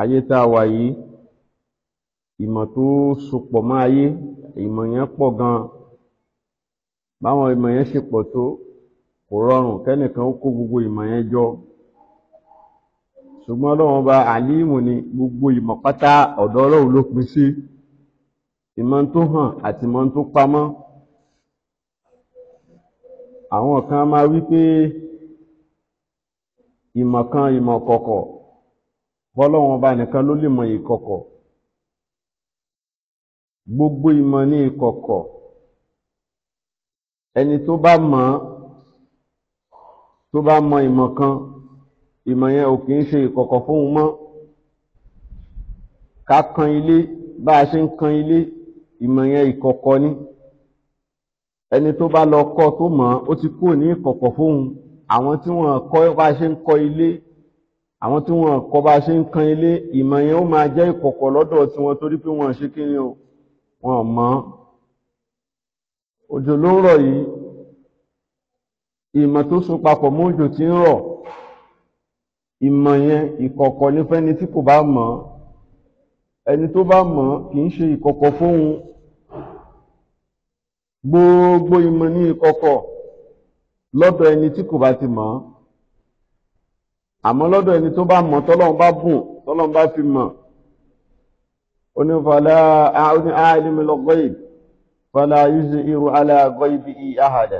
ayé tá a wà yìí ìmọ̀ tó sopọ̀ mọ́ ayé ìmọ̀ yẹn pọ̀ gan-an báwọn ìmọ̀ yẹn ṣe pọ̀ tó kò rọrùn kẹ́nìkan ó kó gbogbo ìmọ̀ yẹn jọ ṣùgbọ́n ọlọ́run bá àlímù ni gbogbo ìmọ̀ pátá ọ̀dọ̀ ọlọ́run ló pín sí ìmọ̀ tó hàn àti ìmọ̀ tó pamọ́ àwọn kan máa wí pé ìmọ̀ kan ìmọ̀ kọ̀kọ̀ fọlọ́wọ́n ọba nìkan ló lè mọ ìkọ̀kọ̀ gbogbo ìmọ̀ ní ìkọ̀kọ̀ ẹni tó bá mọ̀ tó bá mọ ìmọ̀ kan ìmọ̀ yẹn ò kì í ṣe ìkọ̀kọ̀ fóun mọ́ ká kan ilé bá a ṣe ń kan ilé ìmọ̀ yẹn ìkọ̀kọ̀ ni ẹni tó bá lọ kọ́ tó mọ̀ ó ti kúrò ní ìkọ̀kọ̀ fóun àwọn tí wọ́n kọ́ bá a ṣe ń kọ́ ilé àwọn tí wọ́n kọ́ bá ṣe ń kan ilé ìmọ̀ yẹn ó máa jẹ́ ìkọ̀kọ̀ lọ́dọ̀ tí wọ́n torí pé wọ́n ṣe kí ni o wọ́n mọ̀ òjò ló ń rọ̀ yìí ìmọ̀ tó so papọ̀ mọ́ òjò tí ń rọ̀ ìmọ̀ yẹn ìkọ̀kọ̀ ní fẹ́ni tí kò bá mọ̀ ẹni tó bá mọ̀ kì í ṣe ìkọ̀kọ̀ fóun gbogbo ìmọ̀ ní ìkọ̀kọ̀ lọ́dọ̀ ẹni tí kò bá ti mọ̀ àmọ́ lọ́dọ̀ ẹni tó bá mọ̀ tọ́lọ́run bá bùn tọ́lọ́run bá fi mọ̀ onífàlà àwọn àìlèmílọ́gbọ́ yìí fàlà yìí irú aláàgọ́ ibi àhàdà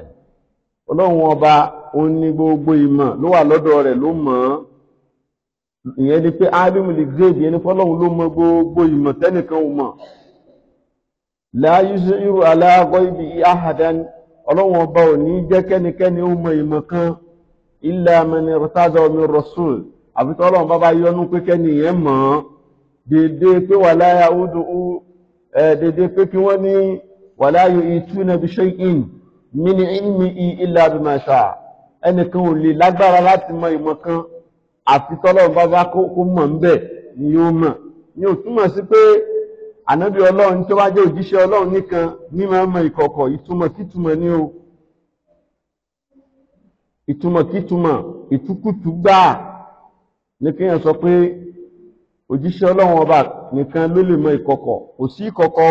ọlọ́run ọba ó ní gbogbo ìmọ̀ ló wà lọ́dọ̀ rẹ̀ ló mọ̀ ọ́ ìyẹn ni pé àìlèmílì gírèdì ẹni fọlọ́run ló mọ̀ gbogbo ìmọ̀ tẹ́nìkan ò mọ̀ láàyè irú aláàgọ́ ibi àhàdà ọlọ́run ọba ò ní jẹ́ kẹ́nikẹ́ni ó mọ̀ ìmọ̀ kan illa man irtada min rasul àfi tọ́lọ́run bá bá yọnu pé kẹ́nìyàn mọ̀ ọ́n dédé pé wala yaudu dédé pé kí wọ́n ní wala yu'ituna bi shay'in min ilmihi illa bima sha'a ẹnìkan ò lè lágbára láti mọ ìmọ̀ kan àfi tọ́lọ́run bá bá kó mọ̀ ń bẹ̀ ni ó mọ̀ ni ò túmọ̀ sí pé ànábì ọlọ́run tó bá jẹ́ òjíṣẹ́ ọlọ́run nìkan ní máa mọ ìkọ̀kọ̀ ìtumọ̀ kìtumọ̀ ni o ìtumọ̀kítumọ̀ ìtukùtù gbáà ní kéèyàn sọ pé òjíṣẹ́ ọlọ́run ọba nìkan ló lè mọ ìkọ̀kọ̀ kò sí ìkọ̀kọ̀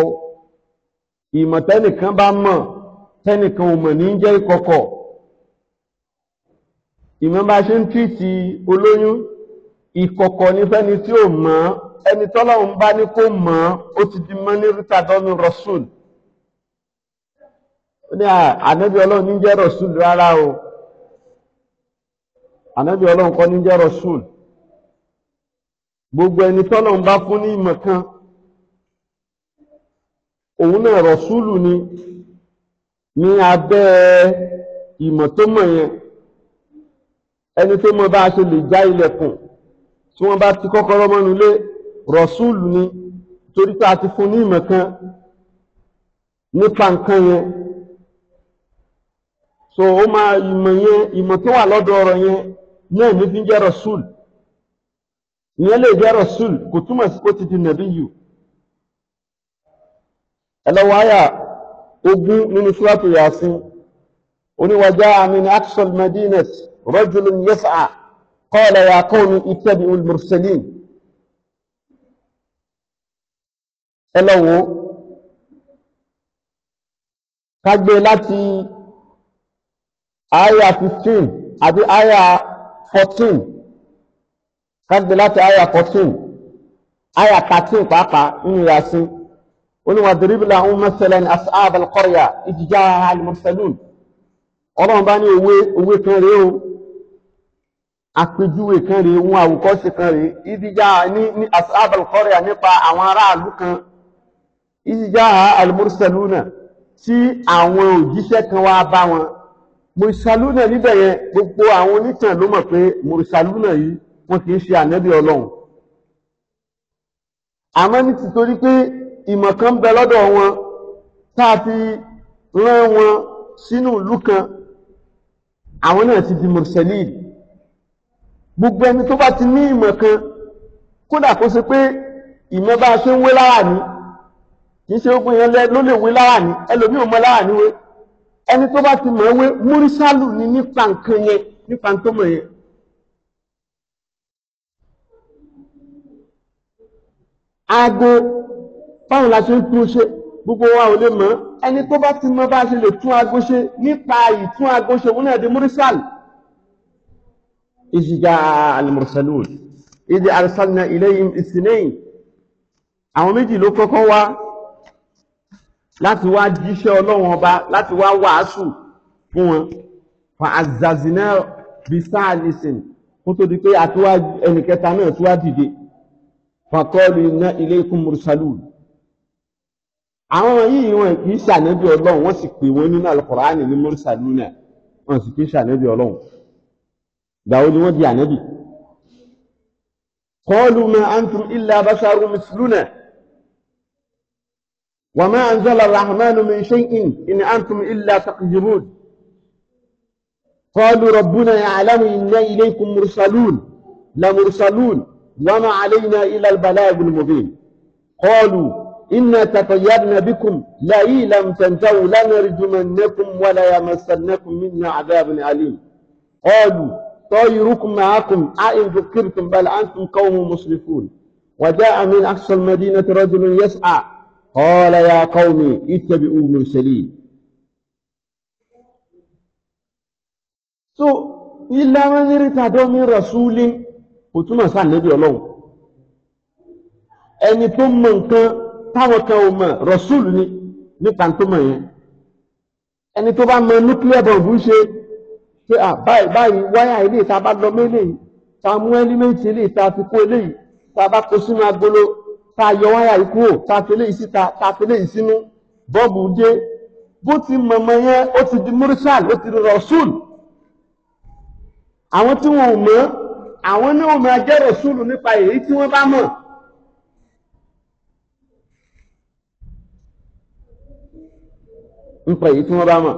ìmọ̀ tẹ́nìkan bá mọ̀ tẹ́nìkan ò mọ̀ ní jẹ́ ìkọ̀kọ̀ ìmọ̀ bá ṣe ń tìtì olóyún ìkọ̀kọ̀ ní fẹ́ni tí ò mọ̀ ẹni tọ́lọ́run bá ní kó mọ̀ ó ti di mọ́ ní rita dọ́nu rasul ó ní ànábì ọlọ́run ní jẹ́ rasul rárá o ànábì ọlọ́run kọ́ ní jẹ́ rọ́ṣùl gbogbo ẹni tọ́lọ́run bá fún ní ìmọ̀ kan òun náà rọ̀súlù ni ní abẹ́ ìmọ̀ tó mọ̀ yẹn ẹni tó mọ̀ bá a ṣe lè já ilẹ̀kùn tí wọ́n bá ti kọ́kọ́rọ́ mọ́nu lé rọ̀súlù ni torí pé a ti fún ní ìmọ̀ kan nípa nǹkan yẹn so ó máa ìmọ̀ yẹn ìmọ̀ tó wà lọ́dọ̀ ọ̀rọ̀ yẹn náà ní fi ń jẹ́ rasul ìyẹn lè jẹ́ rasul kò túmọ̀ sí kó ti di nàbí yìí ẹlọ́wọ́ àyà ogún nínú súrátù yàsín oníwàjá min aqsal madinat rajulun yas'a qala ya qawmi ittabi'ul mursalin ẹlọ́wọ́ kágbé láti aya fifteen àbí aya fourteen kágbé láti aya fourteen aya thirteen pàápàá nínú yasin olùwà dèrèbìlà ń mẹsẹlẹ ní asaab alqarya ìjìjà alimursalun Ọlọ́run bá ní òwe òwe kan rèé o àpèjúwe kan rèé ohun àwòkọ́ṣe kan rèé ìdíjà ní ní asaab alqarya nípa àwọn aráàlú kan ìjìjà alimursalun náà tí àwọn òjíṣẹ́ kan wá bá wọn mùsàlùnà níbẹ̀ yẹn gbogbo àwọn onítàn ló mọ̀ pé mùsàlùnà yìí wọn kì í ṣe ànábì ọlọ́run àmọ́ ní tìtorí pé ìmọ̀ kan bẹ lọ́dọ̀ wọn tá a fi rán wọn sínú ìlú kan àwọn náà ti di mùsàlùn gbogbo ẹni tó bá ti ní ìmọ̀ kan kódà kó ṣe pé ìmọ̀ bá a ṣe ń wé lára ni kì í ṣe gbogbo yẹn ló lè wé lára ni ẹlòmíì ò mọ lára ni wé ẹni tó bá ti mọ̀ọ́wé múrísàlù ni nípa nǹkan yẹn nípa tó mọ̀ yẹn. aago báwọn la ń tún ṣe gbogbo wa ò lè mọ̀ ẹni tó bá ti mọ̀ bá ṣe lè tún aago ṣe nípa ìtún aago ṣe òun náà di múrísàlù. ìṣìjà al-mursalun ìdí arsalna ilayhim ithnayn àwọn méjì ló kọ́kọ́ wá láti wá jíṣẹ́ ọlọ́run ọba láti wá wàásù fún wọn fa azazina bisalisin kó tó di pé àtiwá ẹnìkẹta náà tó wá dìde fakọ́ọ̀lù iná ilé ikún mursalun àwọn yìí wọn kì í ṣànẹ́bí ọlọ́run wọ́n sì pè wọ́n nínú alukọ̀ránì ní mursalun náà wọ́n sì kì í ṣànẹ́bí ọlọ́run gbàwo ni wọ́n di ànẹ́bí kọ́ọ̀lù ma antum illa basharu misluna. وما أنزل الرحمن من شيء إن أنتم إلا تقدرون قالوا ربنا يعلم إنا إليكم مرسلون لمرسلون وما علينا إلا البلاغ المبين قالوا إنا تطيرنا بكم لئن لم تنتهوا لنرجمنكم ولا يمسنكم منا عذاب أليم قالوا طائركم معكم أئن ذكرتم بل أنتم قوم مسرفون وجاء من أقصى المدينة رجل يسعى قال يا قوم اتبعوا المرسلين so ilé àwọn ẹnìrìtà dọ́mí rasúlé kò túmọ̀ sáà níbi ọlọ́run ẹni tó mọ nǹkan táwọn kan ò mọ rasúlù ni nípa tó mọ yẹn ẹni tó bá mọ nuclear bomb ṣe pé à báyìí báyìí wáyà ilé ìta bá lọ mẹ́lẹ̀ yìí ta mú ilé ìta fi kó eléyìí ta bá kó sínú agolo tá a yọ wáyà ikú ò tá a fi léyìí síta tá a fi léyìí sínú bọ́ọ̀bù dé bó ti mọ̀mọ́ yẹn ó ti di mursal ó ti di rasul àwọn tí wọn ò mọ̀ àwọn ní òun máa jẹ́ rasul nípa èyí tí wọ́n bá mọ̀. nípa èyí tí wọ́n bá mọ̀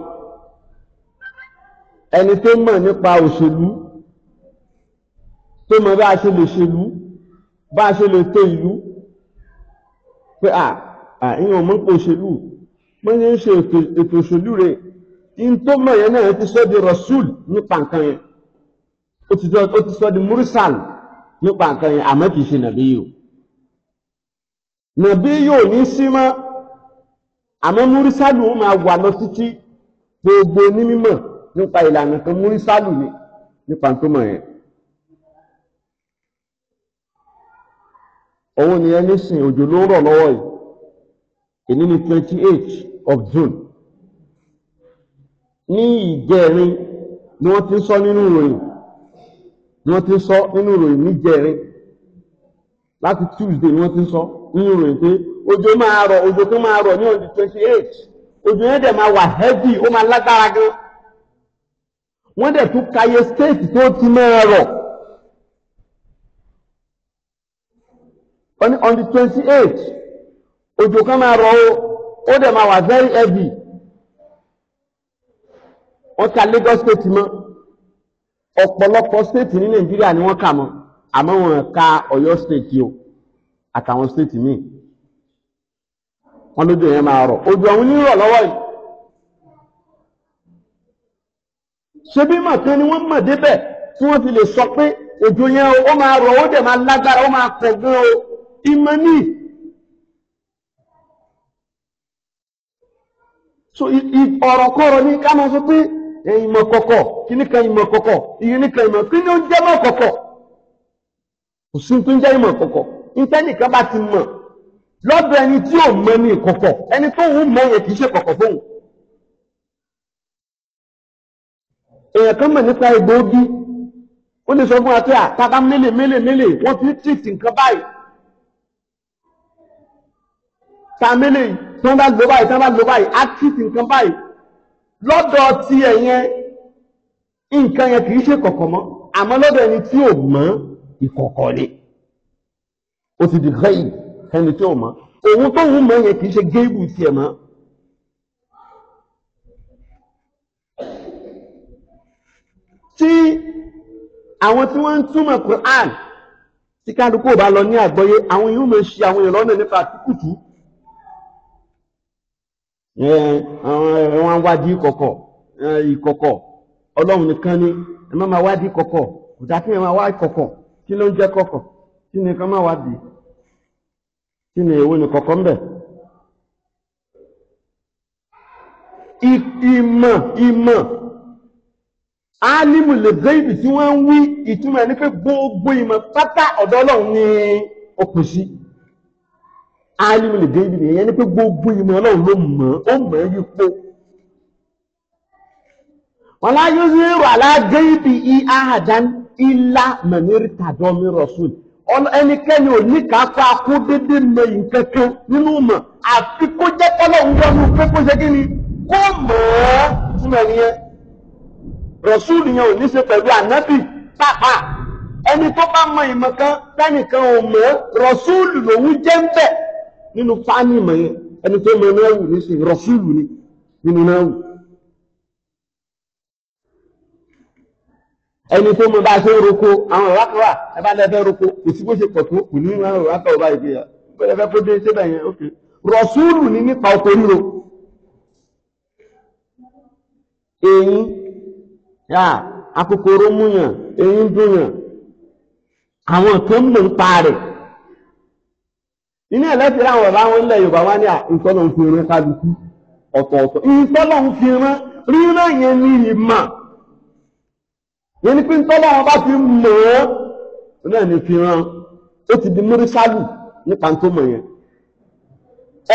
ẹni tó mọ̀ nípa òṣèlú tó mọ̀ bá a ṣe lè ṣèlú bá a ṣe lè tó ìlú pé à àyìn ọmọ pò òṣèlú wọ́n ní ṣe ètò òṣèlú rẹ̀ in tó mọ̀ yẹn náà ti sọ́ di rasul nípa nǹkan yẹn ó ti sọ́ di mursal nípa nǹkan yẹn àmọ́ kìí ṣe nàbí yìí o nàbí yìí ò ní sí mọ́ àmọ́ múrísàlù ó máa wà lọ títí gbogbo ní nípa ìlànà kan múrísàlù ni nípa tó yẹn. òun ni ẹni sìn òjò ló rọ̀ lọ́wọ́ yìí èyí ni twenty eight of June ní ìjẹrin ni wọ́n ti ń sọ nínú ìròyìn ni wọ́n ti ń sọ nínú ìròyìn níjẹrin láti Tuesday ni wọ́n ti ń sọ nínú ìròyìn pé òjò máa rọ̀ òjò tó máa rọ̀ ní on the twenty eight òjò yẹn dẹ̀ máa wà heavy ó máa lágbára gan wọ́n dẹ̀ tún kàyé state tó ti máa rọ̀. ó on the twenty eight òjò kan máa rọ o ó dẹ̀ máa wà very heavy wọ́n ka Lagos state mọ́ ọ̀pọ̀lọpọ̀ state ní Nàìjíríà ni wọ́n kà mọ́ àmọ́ wọn ka Ọ̀yọ́ state o àtàwọn state mi. wọ́n lójú yẹn máa rọ̀ òjò ọ̀hún ní rọ̀ lọ́wọ́ yìí ṣebí mọ̀ kan ni wọ́n mọ̀ débẹ̀ tí wọ́n fi lè sọ pé òjò yẹn ó máa rọ̀ ó dẹ̀ máa lágbára ó máa pọ̀ gan o. Imani. ní so ọ̀rọ̀kọ́rọ̀ ní ká máa sọ pé ìmọ̀ kọ̀kọ̀ kí ní kan ìmọ̀ kọ̀kọ̀ ìyí ní kan ìmọ̀ kí ní ó jẹ́ mọ̀ kọ̀kọ̀ kò sí tó ń jẹ́ ìmọ̀ kọ̀kọ̀ ìtẹ́nìkan bá ti mọ̀ lọ́dọ̀ ẹni tí ò mọ̀ ní kọ̀kọ̀ ẹni tó ń mọ̀ yẹn kì í ṣe kọ̀kọ̀ fóun èèyàn kan mọ̀ nípa egbòogi ó lè sọ fún wa pé àtàkà mélè mélè mélè wọ́n ti ń tìtì nǹkan báyìí tàmílì tí wọ́n bá lò báyìí tí wọ́n bá lò báyìí ákìtì nǹkan báyìí lọ́dọ̀ ti ẹ̀yẹn nǹkan yẹn kì í ṣe kọ̀kọ̀ mọ́ àmọ́ lọ́dọ̀ ẹni tí ò mọ̀ ìkọ̀kọ̀ ni ó ti di gẹ́yìn ẹni tí ò mọ̀ òun tó ń mọ̀ yẹn kì í ṣe géèbù tiẹ̀ mọ́. tí àwọn tí wọ́n ń túmọ̀ Quran tí kálukú ò bá lọ ní àgbọ́yé àwọn yìí ó mọ̀ ṣe àwọn ìrọ́nà nípa àtìkùtù wọ́n wádìí kọ̀kọ̀ eh, ìkọ̀kọ̀ ọlọ́run nìkan ni ẹ má máa wádìí kọ̀kọ̀ kò dá kéèyàn máa wá kọ̀kọ̀ kí ló ń jẹ́ kọ̀kọ̀ kí ni kan máa wádìí kí ni èwo ni kọ̀kọ̀ ń bẹ̀. ìmọ̀ ìmọ̀ alimu lè gbé ibi tí wọ́n ń wí ìtumọ̀ ní pé gbogbo ìmọ̀ pátá ọ̀dọ̀ ọlọ́run ni ó pèsè alimu lè dé ibi nìyẹn ni pé gbogbo ìmọ̀ ọlọ́run ló mọ̀ ó mọ̀ ẹ́ yípo. wọn láyé zero aláàgé ibi ahadan ilá mẹ̀mírí tàdọ́mí rọ̀ṣùn ẹnikẹ́ni ò ní kápá kó dédé mọ nǹkan kan nínú mọ̀ àfi kó jẹ́ kọ́lọ́run wọnú pé kó ṣe kí ni kó mọ̀ ọ́ fún ẹni yẹn rọ̀ṣùn yẹn ò ní ṣe pẹ̀lú ànábì pàápàá ẹni tó bá mọ ìmọ̀ kan tẹ́nìkan ò mọ̀ rọ̀ṣùn lòún jẹ́ ń bẹ̀ nínú pání mọ̀ yẹn ẹni tó mọ náà wù nísìnyí rọ̀ṣúlù ni nínú náà wù. ẹni tó mọ bá a ṣe ń roko àwọn ọ̀rá kan wà ẹ bá lẹ́fẹ́ roko kò sí bó ṣe pọ̀ tó kò ní àwọn ọ̀rá kan ọba ìgbéyà bẹ́ẹ̀ fẹ́ kó dé síbẹ̀ yẹn ok rọ̀ṣúlù ni nípa oko ríro. èyí yá akokoro múyàn èyí ń dùn àwọn kan mọ̀ ń pa rẹ̀ inú ẹ̀ lẹ́sìn àwọn ọ̀la wọn lẹ̀ yorùbá wá ní ìtọ́lọ̀ ń fi rán kálukú ọ̀tọ̀ọ̀tọ̀ ìtọ́lọ̀ ń fi rán rírán yẹn ní ìmà yẹn ni pé ìtọ́lọ̀ wọn bá ti mọ̀ ọ́ náà ní fi rán ó ti di múrísálù nípa tó mọ̀ yẹn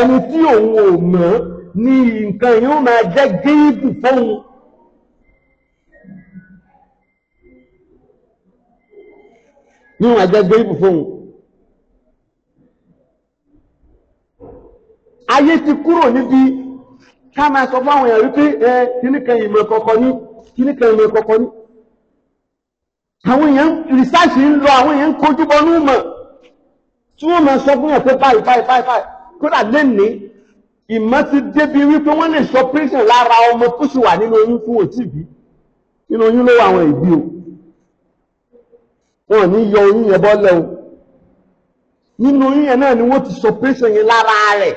ẹni tí òun ò mọ̀ ní nǹkan yìí ó máa jẹ́ géèdù fóun ní wọn máa jẹ́ ayé ti kúrò níbi ká máa sọ fáwọn èèyàn wípé ẹ kíníkan ìmọ̀ kọ̀kọ̀ ní kíníkan ìmọ̀ kọ̀kọ̀ ní àwọn èèyàn rìsáàṣì ń lọ àwọn èèyàn ń kojú bọnú mọ̀ tí wọ́n máa sọ fún yàn pé báyìí báyìí báyìí báyìí kódà lénìí ìmọ̀ ti débi wípé wọ́n lè sọ pírẹ́sìn lára ọmọ tó sì wà nínú oyún fún òtìbí nínú oyún ló àwọn ìbí o wọn ní yọ oyún yẹn bọ́ lẹ́wọ̀n nínú oyún yẹn náà ni wọ́n ti sọ pírẹ́sìn yẹn lára rẹ̀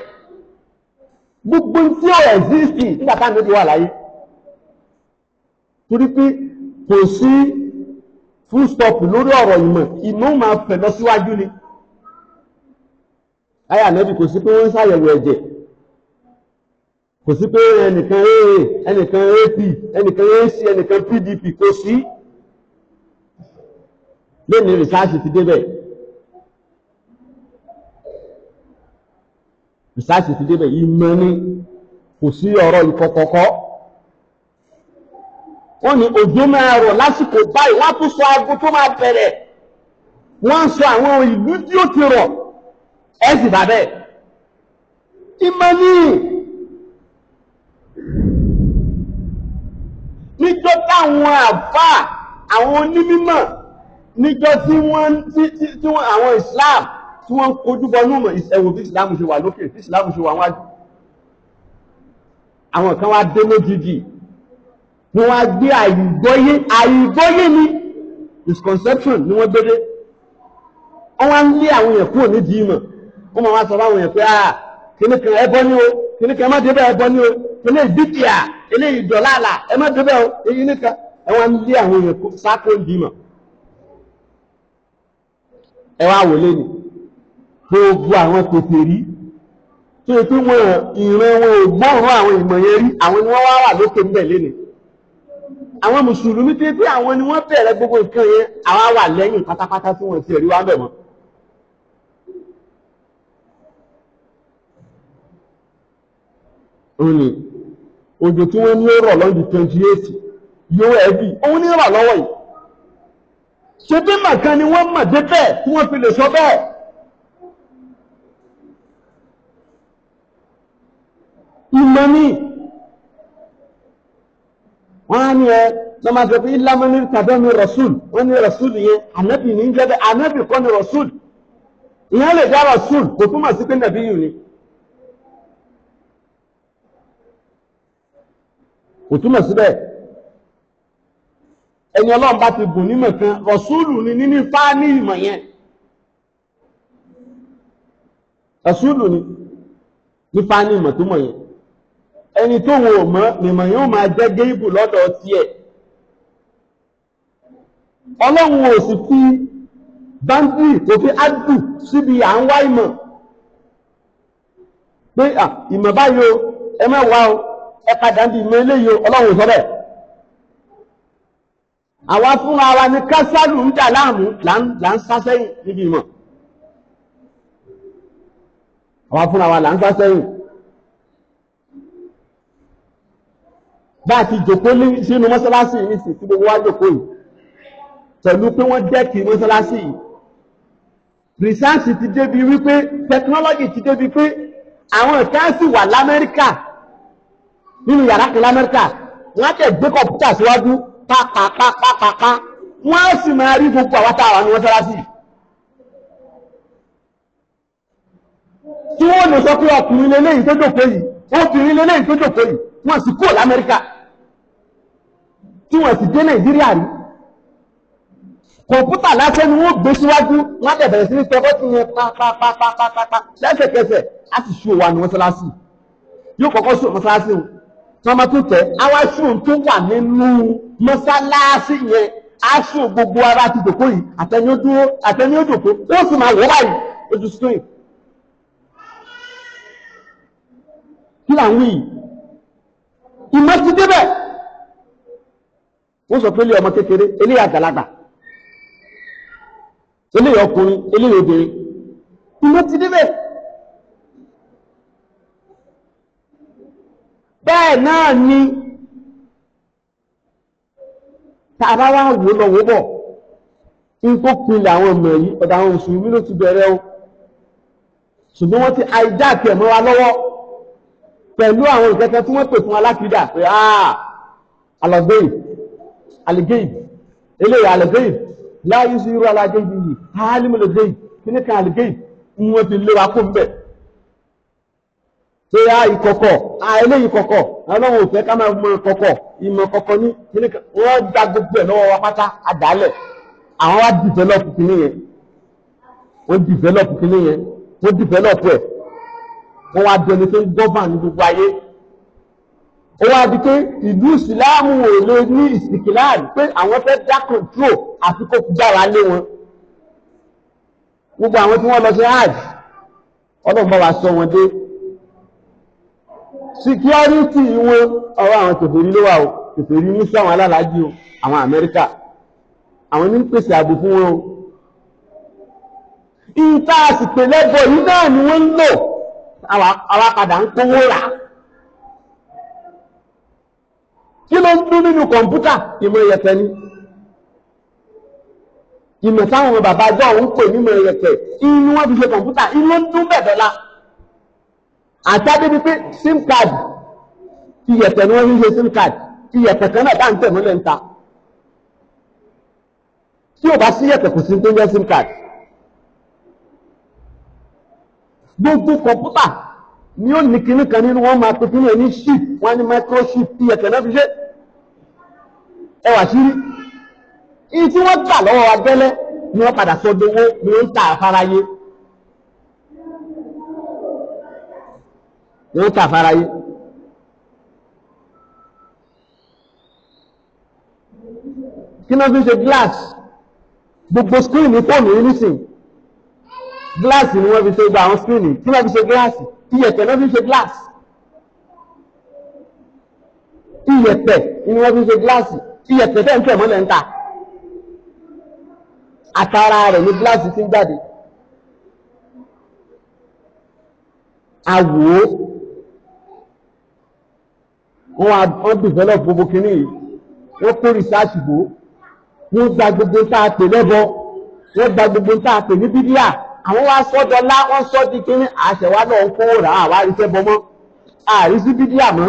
gbogbo tí ó ẹ̀zíìsì nígbà táwọn méjì wà láyé torí pé kò sí full stop lórí ọ̀rọ̀ ìmọ̀ ìmọ̀ máa fẹ̀ lọ síwájú ni ayé ànábì kò sí pé wọ́n ń ṣàyẹ̀wò ẹ̀jẹ̀ kò sí pé ẹnìkan aa ẹnìkan ap ẹnìkan ac ẹnìkan pdp kò sí lónìí rìsáàsì ti débẹ̀. rìsáàsì ti débẹ̀ ìmọ̀ ni kò sí ọ̀rọ̀ ìkọ̀kọ̀kọ́ wọ́n ní òjò máa rọ̀ lásìkò báyìí látúnṣọ aago tó máa bẹ̀rẹ̀ wọ́n ń sọ àwọn ìlú tí ó ti rọ̀ ẹ sì bá bẹ́ẹ̀ ìmọ̀ ni níjọ́ táwọn àfáà àwọn onímọ̀ níjọ́ tí wọ́n àwọn Islam tí wọ́n ń kojú bọnú mọ̀ ẹ̀wò bí ìsìlámù ṣe wà lókè bí ìsìlámù ṣe wà wájú àwọn kan wá dé lójijì ni wọ́n á gbé àìgbọ́yé àìgbọ́yé ni misconception ni wọ́n gbé dé wọ́n wá ń lé àwọn èèyàn kúrò nídìí mọ̀ wọ́n máa wá sọ fáwọn èèyàn pé ah kìnnì kan ẹbọ ni o kìnnì ẹ má débẹ̀ ẹbọ ni o kìnnì dìkìá eléyìí dọ̀làlà ẹ má débẹ̀ o èyí nìkan ẹ wá ń lé àwọn èèyàn sákòó nídìí mọ̀ ẹ wá wò lé gbogbo àwọn tètè rí tó yẹ pé wọn ìran wọn ò gbóòórùn àwọn ìmọ̀ yẹn rí àwọn ni wọ́n wá wà lókè ń bẹ̀ lénìí àwọn mùsùlùmí tí pé àwọn ni wọ́n bẹ̀rẹ̀ gbogbo nǹkan yẹn àwa wà lẹ́yìn pátápátá tí wọ́n ti rí wá bẹ̀ mọ́ òní òjò tí wọ́n ní rọ̀ lọ́dún twenty eight yóò ẹ̀bí òun ní rọ̀ lọ́wọ́ yìí ṣé bí màkan ni wọ́n mọ̀ dé bẹ́ẹ̀ tí wọ́n fi lè sọ bẹ́ẹ̀ mọ́ ní wọ́n á ní ẹ lọ́ máa sọ pé ìlànà ní tàbí ẹni rasul wọ́n ní rasul yẹn ànábì ní jẹ́ bẹ́ẹ̀ ànábì kọ́ ni rasul ìyẹn lè dá rasul kò túmọ̀ sí pé nàbí yìí ni kò túmọ̀ síbẹ̀ ẹni ọlọ́run bá ti bùn nímọ̀ kan rọ̀súùlù ni níní fá ní ìmọ̀ yẹn rọ̀súùlù ni nífá ní ìmọ̀ tó mọ̀ yẹn ẹni tó wọn ò mọ̀ yóò máa jẹ́ géèbù lọ́dọ̀ tiẹ̀ ọlọ́run ò sì fi báńkì kò fi ádù síbi à ń wá ìmọ̀ pé ìmọ̀ báyìí o ẹ mẹ́wàá o ẹ padà ń bi ìmọ̀ eléyìí o ọlọ́run sọ bẹ́ẹ̀ àwa fúnra wa kásálù ń dà bá a ti jòkó sínú mọ́sálásí yìí sì tí gbogbo wa jòkó yìí pẹ̀lú pé wọ́n dẹ́kì mọ́sálásí yìí rìsáàsì ti débi wípé tẹkinọ́lọ́jì ti débi pé àwọn kan sì wà l'Amẹ́ríkà nínú yàrá kan l'Amẹ́ríkà wọ́n á tẹ̀ gbé kọ̀pútà síwájú pápápápápá wọ́n á sì máa rí gbogbo àwọn táwọn ní mọ́sálásí yìí. tí wọ́n lè sọ pé ọkùnrin lélẹ́yìn tó jòkó yìí obìnrin lélẹ́yìn tó jòkó yìí wọ́n sì kúrò l'Amẹ́ríkà tí wọ́n sì dé nàìjíríà rí kọ̀ǹpútà lásán ni wọ́n gbé síwájú wọ́n dẹ̀ bẹ̀rẹ̀ sí ní tẹ́kọ́ tí pa pa lẹ́sẹ̀kẹsẹ̀ á sì ṣù wà ní mọ́sálásì yóò kọ́kọ́ ṣù mọ́sálásì o tí wọ́n bá tún tẹ̀ àwa ṣù tó wà nínú mọ́sálásì yẹn á ṣù gbogbo ara ti dòkó yìí àtẹniódó àtẹniódòkó ó sì máa wọ́ báyìí ojú screen. kí là ń wí yìí ìmọ̀ ti débẹ̀ wọ́n sọ pé ilé ọmọ kékeré eléyà àgbàlagbà eléyà ọkùnrin eléyà obìnrin ìmọ̀ ti débẹ̀. bẹ́ẹ̀ náà ni tàbá wá wò lọ wò bọ̀ n tó pinlẹ̀ àwọn ọmọ yìí ọ̀dọ̀ àwọn mùsùlùmí ló ti bẹ̀rẹ̀ o ṣùgbọ́n wọ́n ti àìjáàkì ẹ̀mọ́ wa lọ́wọ́ pẹ̀lú àwọn ìkẹ́kẹ́ tí wọ́n pè fún alákìdá pé àà ah, alọ́gbẹ́yìn algeib eléyìí algeib láàyè sí irú alágéib yìí hálímù algeib kí ní kan algeib ń wọ́n ti lé wa kó ń bẹ̀ pé a ìkọ̀kọ̀ a eléyìí kọ̀kọ̀ ọlọ́run ò fẹ́ ká máa mọ kọ̀kọ̀ ìmọ̀ kọ̀kọ̀ ní wọ́n gba gbogbo ẹ̀ lọ́wọ́ wa pátá àdálẹ̀ àwọn wa dìvẹ́lọ́pù kìíní yẹn wọ́n dìvẹ́lọ́pù kìíní yẹn wọ́n dìvẹ́lọ́pù ẹ̀ wọ́n wá di ẹni tó ń gọ́bà ní gbogbo ayé ó wá di pé ìlú ìsìláàmù ò lè ní ìsìkìláàdì pé àwọn fẹ́ dá control àti kó fi jára lé wọn gbogbo àwọn tí wọ́n lọ sí hajj ọlọ́run bá wa sọ wọn dé security wọn ọwọ́ àwọn kèfèrí ló wà o kèfèrí ní sáwọn alálàájì o àwọn Amẹ́ríkà àwọn ní ń pèsè ààbò fún wọn o ìta àsìpè lẹ́bọ̀ yìí náà ni wọ́n ń lò àwa padà ń kówó rà á. kí ló ń dún nínú kọ̀ǹpútà ìmọ̀ ìyẹ̀pẹ̀ ni ìmọ̀ táwọn ọmọ bàbá ajọ́ òun pè nímọ̀ ìyẹ̀pẹ̀ inú wọn fi ṣe kọ̀ǹpútà inú ló ń dún bẹ̀bẹ̀ la àtàdé ni pé sim card ìyẹ̀pẹ̀ ni wọ́n fi ṣe sim card ìyẹ̀pẹ̀ kan náà bá ń tẹ̀ mọ́lẹ̀ ń ta tí ò bá sí ìyẹ̀pẹ̀ kò sí tó ń jẹ́ sim card gbogbo kọ̀ǹpútà ni ó ní kinní kan nínú wọn máa pín ní ship wọn ní microchip tí ẹ̀kẹ́ náà fi ṣe ẹwà sírí iye tí wọ́n gbà lọ́wọ́ abẹ́lẹ́ ni wọ́n padà sọ dowó ni wọ́n ń ta àfáráyé ni wọ́n ń ta àfáráyé. kí ló fi ṣe glass gbogbo screen ní fóònù yìí nísìn glass ni wọ́n fi ṣe gba àwọn screen kí ló fi ṣe glass iyẹ̀pẹ̀ náà fi ṣe gíláàsì iyẹ̀pẹ̀ ni wọ́n fi ṣe gíláàsì iyẹ̀pẹ̀ tẹ́ ń tẹ̀ mọ́lẹ̀ ń ta àtàrà rẹ̀ ní gíláàsì ti ń jáde àwò wọn wọ́n develop gbogbo kìíní yìí wọ́n kó research bò wọ́n gba gbogbo tá a pè lẹ́bọ wọ́n gba gbogbo tá a pè ní bídíà àwọn wá sọ́dọ̀lá wọ́n sọ́ di kí ní àṣẹwà náà ń kówó rà àwá rí tẹ́bọ mọ́ àrí sí bídí àmọ́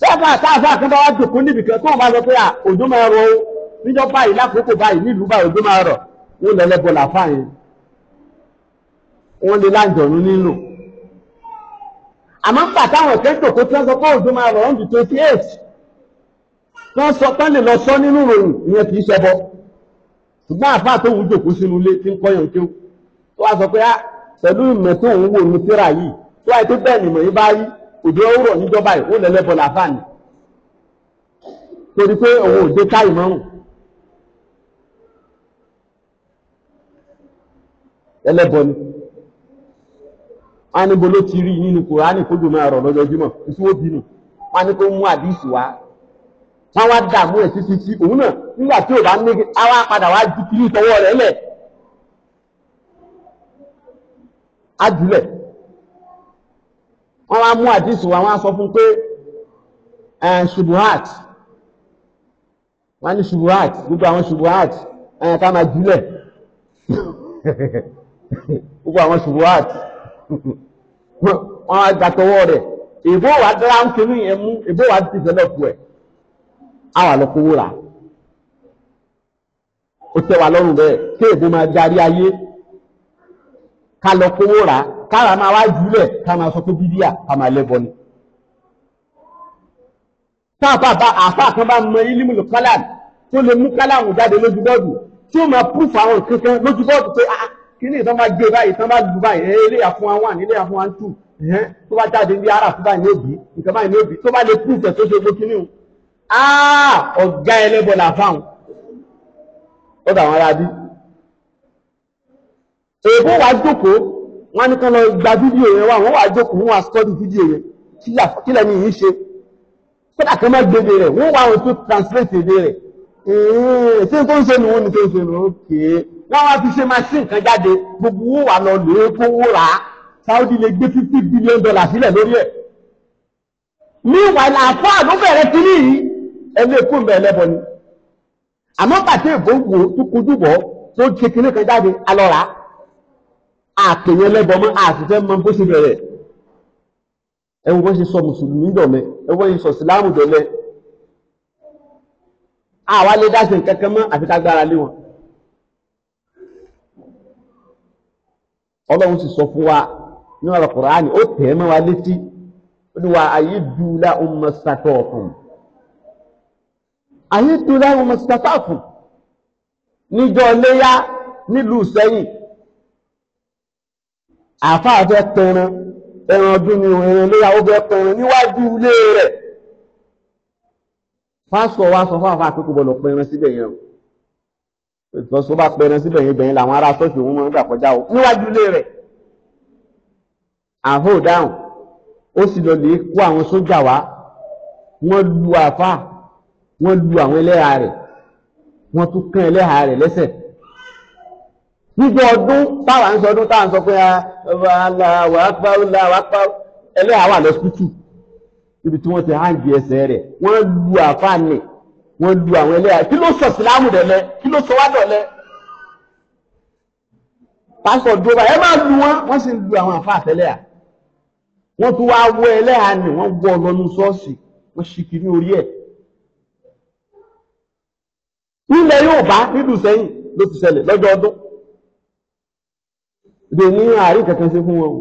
sọ́fà sáfà kan bá wá jòkó níbi kan tó wọ́n bá sọ pé òjò máa rọ níjọ́ báyìí lákòókò báyìí nílùú báyìí òjò máa rọ̀ wọ́n lẹ́lẹ́bọ̀ làfáàyàn wọ́n lè láǹjọ̀nú nílò àmọ́ pàtàwọn ìkẹ́jọ kó tí wọ́n sọ pé òjò máa rọ̀ 128 wọ́n sọ pé lè lọ sọ nínú ìròyìn ìyẹn kì í ṣẹbọ ṣùgbọ́n àfáà tó ń jòkó sínú ilé tí ń kọ́yàn kí ó tó wá sọ pé ah, pẹ̀lú ìmọ̀ tó ń wò ní síra yìí tó wáyé tó bẹ́ẹ̀ nìmọ̀ yín bá rí òjò rọ̀ níjọba yìí ó lẹ́lẹ́bọ̀ làfáà ni torí pé òun ò dé káyì mọ́rùn. ẹlẹ́bọ ni wọ́n á níbo ló ti rí nínú Kùránì kójú máa rọ̀ lọ́jọ́ ìṣúwó bínú wọ́n á ní kó mú àdìsí wọ́n wá dààmú ẹ̀ títí tí òun náà nígbà tí ò bá ní àwa padà wá ju kiri tọwọ́ rẹ̀ lẹ̀ ajulẹ̀ wọ́n wá mú àdísù wa wọ́n á sọ fún pé ṣubuhat wọ́n ní ṣubuhat gbogbo àwọn ṣubuhat ká máa jùlẹ̀ gbogbo àwọn ṣubuhat wọ́n wá gbàtọwọ́ rẹ̀ ìbò wà dára ń kiri yẹn mú ìbò wà ti develop ẹ̀ àwa lọ kówó rà ó tẹ́ wa lọ́rùn bẹ́ẹ̀ kí èbó máa darí ayé ká lọ kówó rà kára máa wá jùlẹ̀ ká máa sọ pé bíbíà ká máa lẹ́bọ ni. táàpá bá àáfà kan bá mọ ilimu lè kálá tó lè mú kálá àwọn jáde lójú bọ́ọ̀dù tí ó máa púfù àwọn kankan lójú bọ́ọ̀dù pé ah, ah, kí ni ìtàn bá gbé báyìí ìtàn bá lù báyìí eh, eléyà fún wa one eléyà fún wa two tó bá jáde ní ara fún báyìí ní òbí nǹkan báyìí ní òbí tó bá lè púfù ẹ̀ tó ṣe gbókínì áà ah, ọ̀gá ẹlẹ́bọ̀ làfáhùn ó dàwọn ará bí èbó wà jókòó wọ́n ní kán lọ gba fídíò yẹn wà wọ́n wà jókòó wọ́n wà sọ́dí fídíò yẹn kí lẹ́ni yìí ṣe kódà kan má gbèdè rẹ̀ wọ́n wà wọn tó translate èdè rẹ̀ ṣé tó ń ṣe nù wọ́n ní tó ń ṣe nù ókè wọ́n wá fi ṣe machine kan jáde gbogbo wọn wà lọ lè kówó rà á Saudi lè gbé fifty billion dollars sílẹ̀ lórí ẹ̀ meanwhile àfọ́ àdó bẹ̀rẹ̀ kiri yìí ẹlé kún bẹ̀ lẹ́bọ̀ ni àmọ́ pàtó ìgbóngbò tó kojú bọ̀ tó ṣe kinní kan jáde alọ́ra àpèyàn lẹ́bọ̀ mọ́ àfìfẹ́ mọ́ bó ṣe bẹ̀rẹ̀ ẹ wo bó ṣe sọ mùsùlùmí dọ̀lẹ́ ẹ wo bó ṣe sọ síláàmù dọ̀lẹ́ àwa lè dáṣe kankan mọ́ àfi ká gbára lé wọn ọlọ́run sì sọ fún wa ní ọ̀rọ̀ Kùránì ó tẹ̀ ẹ́ mọ́ wa létí ó ní wa ayé dùn lá ọmọ sàtọ̀ ọ̀kan àyètò lẹ́rùn mọ̀sítàtàfù níjọ́ léyá nílùú sẹ́yìn àfáà fẹ́ pẹran ẹran ọdún ni ẹran léyá ó fẹ́ pẹran níwájú ilé rẹ̀ pásọ̀ wá sọ fáfá pé kò bọ̀lọ̀ pẹran síbẹ̀ yẹn o ìtọ́sọ́ bá pẹran síbẹ̀ yẹn bẹ̀yẹn làwọn ará sọ́ọ̀sì òun máa ń gbà kọjá o níwájú ilé rẹ̀ àhó dáhùn ó sì lọ lè kó àwọn sójà wá wọ́n lu àfáà wọ́n lu àwọn ẹlẹ́hà rẹ̀ wọ́n tún kán ẹlẹ́hà rẹ̀ lẹ́sẹ̀ nígbà ọdún táwa ń sọ ọdún táwa ń sọ pé aláwọ̀ apáwọ̀ láwọ̀ apáwọ̀ ẹlẹ́hà wà lọ́sítútù níbi tí wọ́n ti háǹdì ẹsẹ̀ rẹ̀ wọ́n lu àfáàní wọ́n lu àwọn ẹlẹ́hà kí ló sọ síláàmù dẹ̀lẹ́ kí ló sọ wádọ̀lẹ́ pásítọ̀ dúró báyìí ẹ máa lu wọn wọ́n sì ń lu àwọn àfáà tẹ́lẹ̀à wọ́n tún wá wọ ẹlẹ́hà ni wọ́n wọ ọ lọ́nu ṣọ́ọ̀ṣì wọ́n ṣì kiri orí ẹ̀ nílẹ̀ yóò bá nílùú sẹ́yìn ló ti ṣẹlẹ̀ lọ́dọọdún lè ní àárín kankan ṣe fún wọn o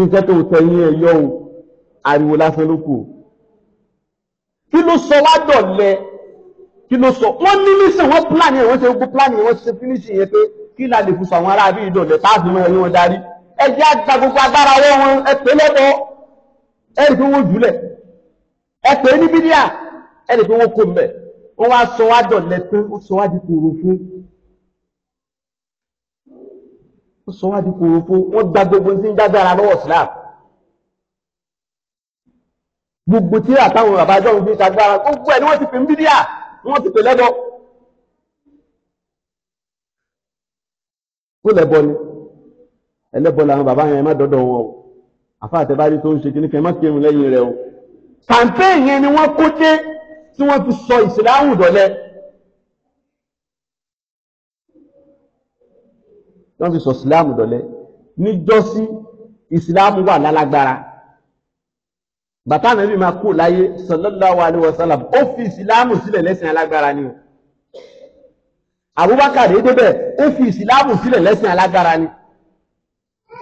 nǹkan tó tẹ̀yìn ẹ̀ yọ o ariwo lásán ló kù o kí ló sọ wá dọ̀lẹ kí ló sọ wọ́n ní nísìn wọ́n pílánì ẹ̀ wọ́n ṣe gbogbo pílánì ẹ̀ wọ́n ṣe fínísì yẹn pé kí la lè fi sọ àwọn aráàlú ìdọ̀lẹ táàbù mọ́ ẹ̀yìn wọn darí ẹ jẹ́ àgbà gbogbo agbára wọ́n wọn ẹ pè lọ́dọ̀ ẹ rí pé wọ́n jùlẹ̀ ẹ pè é ní bídíà ẹ rí pé wọ́n kó mbẹ́ ó wá sọ wá dọ̀lẹ tán ó sọ wá di kòròfó ó sọ wá di kòròfó wọ́n gba gbogbo ní dágbára lọ́wọ́ Islam gbogbo tí àtàwọn bàbá jọ ń fi ṣàgbára gbogbo ẹ̀ ni wọ́n ti pè ń bídíà wọ́n ti pè lẹ́bọ kó lẹ́bọ ni ẹlẹ́bọ làwọn bàbá yẹn má dọ́dọ̀ wọn o àfáàtẹ́bárí tó ń ṣe kíní kan má kírun lẹ́yìn rẹ o kàǹpẹ́ẹ̀n yẹn ni wọ́n kó dé tí wọ́n fi sọ ìsìláàmù dọ̀lẹ wọ́n fi sọ ìsìláàmù dọ̀lẹ níjọ́sí ìsìláàmù wà lálágbára bàtà nàbí máa kú láyé sallallahu alaihi wasallam ó fi ìsìláàmù sílẹ̀ lẹ́sìn alágbára ni o Abubakar débẹ̀ ó fi ìsìláàmù sílẹ̀ lẹ́sìn alágbára ni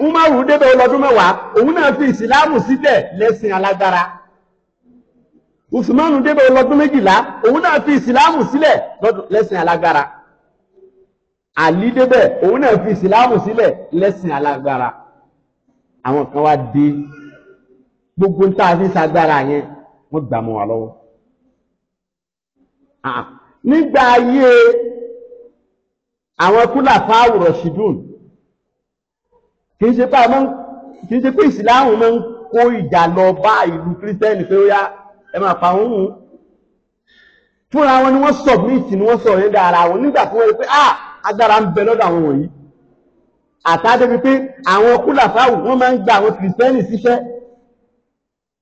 Umaru débẹ̀ ọlọ́dún mẹ́wàá òun náà fi ìsìláàmù sílẹ̀ lẹ́sìn alágbára usmanu débẹ̀ lọ́dún méjìlá òun náà fi ìsìláàmù sílẹ̀ lẹ́sìn alágbára àlí débẹ̀ òun náà fi ìsìláàmù sílẹ̀ lẹ́sìn alágbára àwọn kan wá dé gbogbo ń tá a fi ń sagbára yẹn wọ́n gbà mọ́ wa lọ́wọ́ ah, ah. nígbà ayé àwọn kúlà fáwù rọ̀ṣídùn kì í ṣe pé ìsìláàmù máa ń kó ìjà lọ bá ìlú kírísítẹ́nì pé ó yá ẹ máa pa wọn hùn fúnra wọn ni wọ́n submit ni wọ́n sọ̀rọ̀ nígbà ara wọn nígbà tí wọ́n rí pé ah agbára ń bẹ lọ́dọ̀ àwọn wọ̀nyí àtàdé wípé àwọn kúlàfáwù wọ́n máa ń gba àwọn kìrìsìtẹ́nì síṣẹ́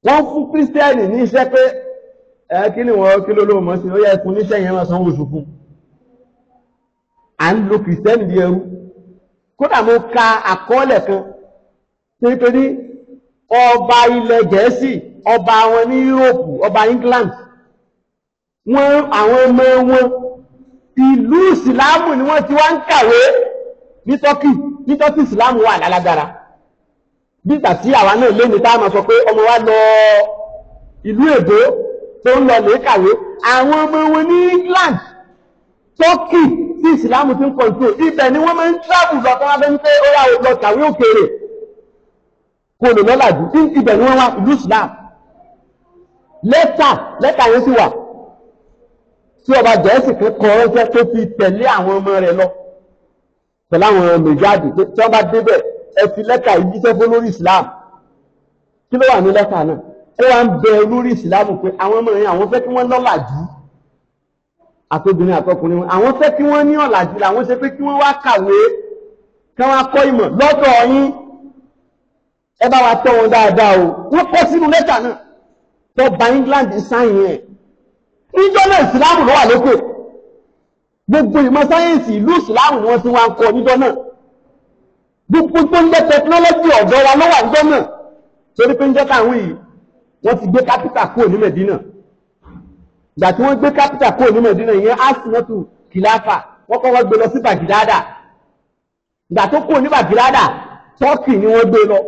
wọ́n fún kìrìsìtẹ́nì ní iṣẹ́ pé ẹ kí ni wọ́n kí ló ló mọ̀ sí ó yẹ fún níṣẹ́ yẹn máa sanwó oṣù fún à ń lo kìrìsìtẹ́nì di ẹrú kódà mo ka àkọọ́lẹ̀ kan pé pé ní ọba ilẹ̀ Gẹ̀ẹ́sì ọba àwọn ní Europe ọba England wọ́n àwọn ọmọ wọn ìlú ìsìláàmù ni wọ́n ti wá ń kàwé ní Turkey ní Turkey ìsìláàmù wà lálágbára bígbà tí àwa náà lé ní táàmà sọ pé ọmọ wa lọ ìlú èbó tó ń lọ lè kàwé àwọn ọmọ wọn ní England Turkey tí ìsìláàmù ti ń kọ̀ǹtò ibẹ̀ ni wọ́n máa ń travel lọ tó wá fẹ́ ń pé ó yà lọ kàwé òkèèrè kò lè lọ́làjú ibẹ̀ ni wọ́n wá ìlú ìsìláàmù lẹ́tà lẹ́tà yẹn sì wà tí ọba gẹ̀ẹ́sì kan kọ ránṣẹ́ tó fi tẹ̀lé àwọn ọmọ rẹ̀ lọ pẹ̀lú àwọn mẹ̀jáde tí wọ́n bá débẹ̀ ẹ fi lẹ́tà yìí jíṣẹ́ fún lórí Islam kí ló wà ní lẹ́tà náà ó wá ń bẹ lórí Islam pé àwọn ọmọ yẹn àwọn fẹ́ kí wọ́n lọ́làjú àtobìnrin àtọkùnrin wọn àwọn fẹ́ kí wọ́n ní ọ̀làjú làwọn ṣe pé kí wọ́n wá kàwé kí wọ́n kọ́ ìmọ̀ lọ́dọ̀ yín ẹ bá wa tọ́ wọn dáadáa o wọ́n kọ́ sínú lẹ́tà náà tó ba England sáyìn ẹ̀ níjọ́ náà ìsìláàmù ló wà lókè gbogbo ìmọ̀ sáyẹ́ǹsì ìlú ìsìláàmù ni wọ́n ti wá ń kọ níjọ́ náà gbogbo tó ń jẹ́ tẹkinọ́lọ́jì ọ̀dọ́ wa ló wà níjọ́ náà torí pé ń jẹ́ káwọn yìí wọ́n ti gbé kápítà kúrò ní Mẹ̀dínà ìgbà tí wọ́n gbé kápítà kúrò ní Mẹ̀dínà ìyẹn asinatu kìláfà wọ́n kọ́ wọ́n gbé lọ sí bàgídádà ìgbà tó kúrò ní bàgídádà tọ́kì ni wọ́n gbé lọ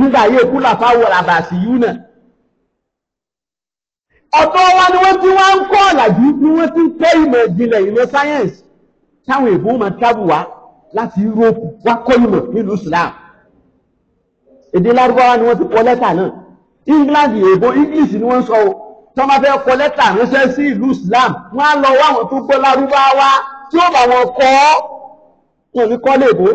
nígbà yé kúlà fáwọn àbàṣì yìí náà ọ̀tọ̀ wa ni wọ́n ti wá ń kọ́ ọ̀làjú ni wọ́n ti ń kọ́ ìmọ̀ ìjìnlẹ̀ ìmọ̀ sáyẹ́ǹsì táwọn èèbó máa tábù wá láti Europe wá kọ́ ìmọ̀ nílùú Islam èdè lárúbáwá ni wọ́n ti kọ́ lẹ́tà náà England èèbó English ni wọ́n ń sọ o tí wọ́n bá fẹ́ kọ́ lẹ́tà ránṣẹ́ sí ìlú Islam wọ́n á lọ wá àwọn tó gbọ́ lárúbáwá tí ó bá wọn kọ́ ọ́ wọn ò ní kọ́ léèbó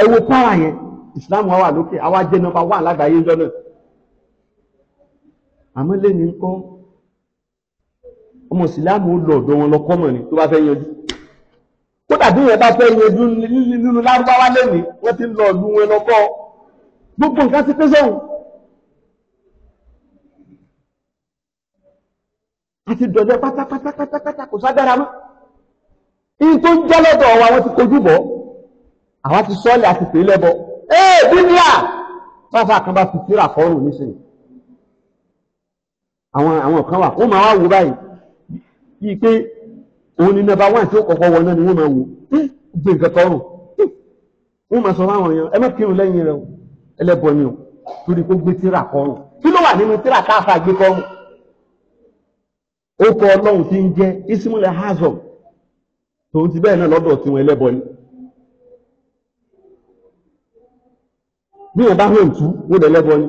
ẹ wo power yẹn islam wa wà lókè àwa jẹ́ nọ́mbà wà lágbàáyé ńjọ́ náà àmọ́ lẹ́ni ń kọ́ ọmọ ìsìláàmù ó lọ ọ̀dọ̀ wọn lọ kọ́mọ̀ ni tó bá fẹ́ yanjú kódà bí yẹn bá fẹ́ yanjú nínú lárúbáwá lẹ́ni wọ́n ti ń lọ ọ̀dọ̀ wọn lọ́kọ́ gbogbo nǹkan ti pé sọ́hùn àti dọ̀jẹ́ pátápátápátá kò sádára mọ́ ìyí tó ń jẹ́ lọ́dọ̀ wa wọ́n ti kojú bọ́ àwa ti sọ́ọ̀lì àti pè é lẹ́bọ ee bíbíà fáfá kan bá fi tíra fọ́ọ̀rùn nísìnyí àwọn àwọn kan wà ó máa wá wò báyìí bíi pé òun ni nọ́mbà wáǹ tí ó kọ́kọ́ wọ náà ni wọ́n máa wò gbé nǹkan tọrùn wọ́n máa sọ fáwọn èèyàn ẹ má kírun lẹ́yìn rẹ o ẹlẹ́bọ ni o torí kó gbé tíra kọrùn kí ló wà nínú tíra káfà gbé kọrùn ó kọ ọlọ́run tí ń jẹ́ ismail hazom tòun ti bẹ́ẹ̀ náà lọ́dọ̀ tiwọn ẹlẹ́bọ ni. bí wọn bá hàn tú wọn lè lẹ́bọ ni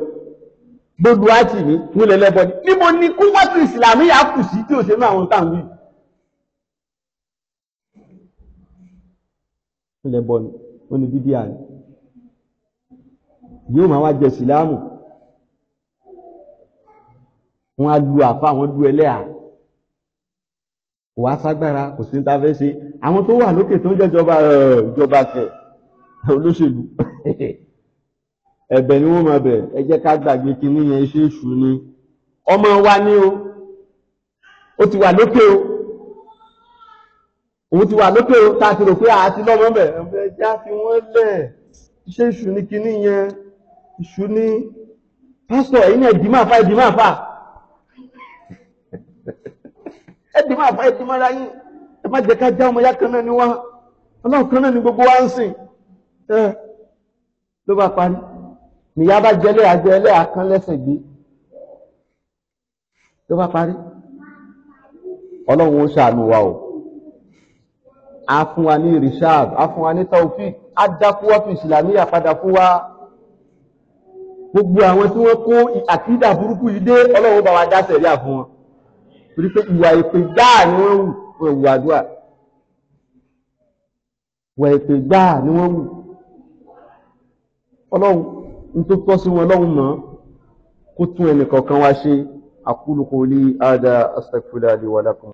gbogbo àti mi wọn lè lẹ́bọ ni níbo ni kúfàtù ìsìlámù yà kù sí tí ò ṣe ní àwọn táwọn yìí. wọn lẹ́bọ ni wọn ni dídí àná yóò máa wá jẹ ìsìlámù wọn á lu àfa wọn lu ẹlẹ́à kò wá ságbára kò sí ní ta fẹ́ ṣe àwọn tó wà lókè tó ń jẹ́ ìjọba ìjọba fẹ̀ olóṣèlú. ẹ̀bẹ̀ ni wọ́n máa bẹ̀ ẹ jẹ́ ká gbàgbé kinní yẹn ṣe èṣù ni ọmọ wa ní o ó ti wà lókè o òun ti wà lókè o tá a ti rò pé àá ti lọ́mọ bẹ̀ ẹ já fi wọ́n lẹ̀ ṣe èṣù ni kinní yẹn èṣù ni pásítọ̀ ẹ̀yin náà dìímọ̀ àfa ẹ̀dìímọ̀ àfa ẹ̀dìímọ̀ àfa ẹ̀dìímọ̀ ara yín ẹ má jẹ́ ká já ọmọ yá kan náà ni wá ọlọ́run kan náà ni gbogbo wa ń sìn ẹ ló bá parí nìyá bá jẹlé àjẹ ẹlẹ́à kan lẹ́sẹ̀ gbé tó bá parí ọlọ́run ó ṣàánú wa o a fún wa ní rishab a fún wa ní taofik a dákú ọ́fíìsì làníyà padà fún wa gbogbo àwọn tí wọ́n kó àkídà burúkú yìí dé ọlọ́run bá wa dá sẹ̀ríà fún wọn torí pé ìwà ìpè gbáà ni wọ́n wù wọ́n wù àdúrà ìwà ìpè gbáà ni wọ́n wù ọlọ́run nítorí tọ́ sí wọn lọ́hùn mọ́ kó tún ẹnìkọ̀ọ̀kan wá ṣe aqulu quli hadha astaghfirullahi li wa lakum.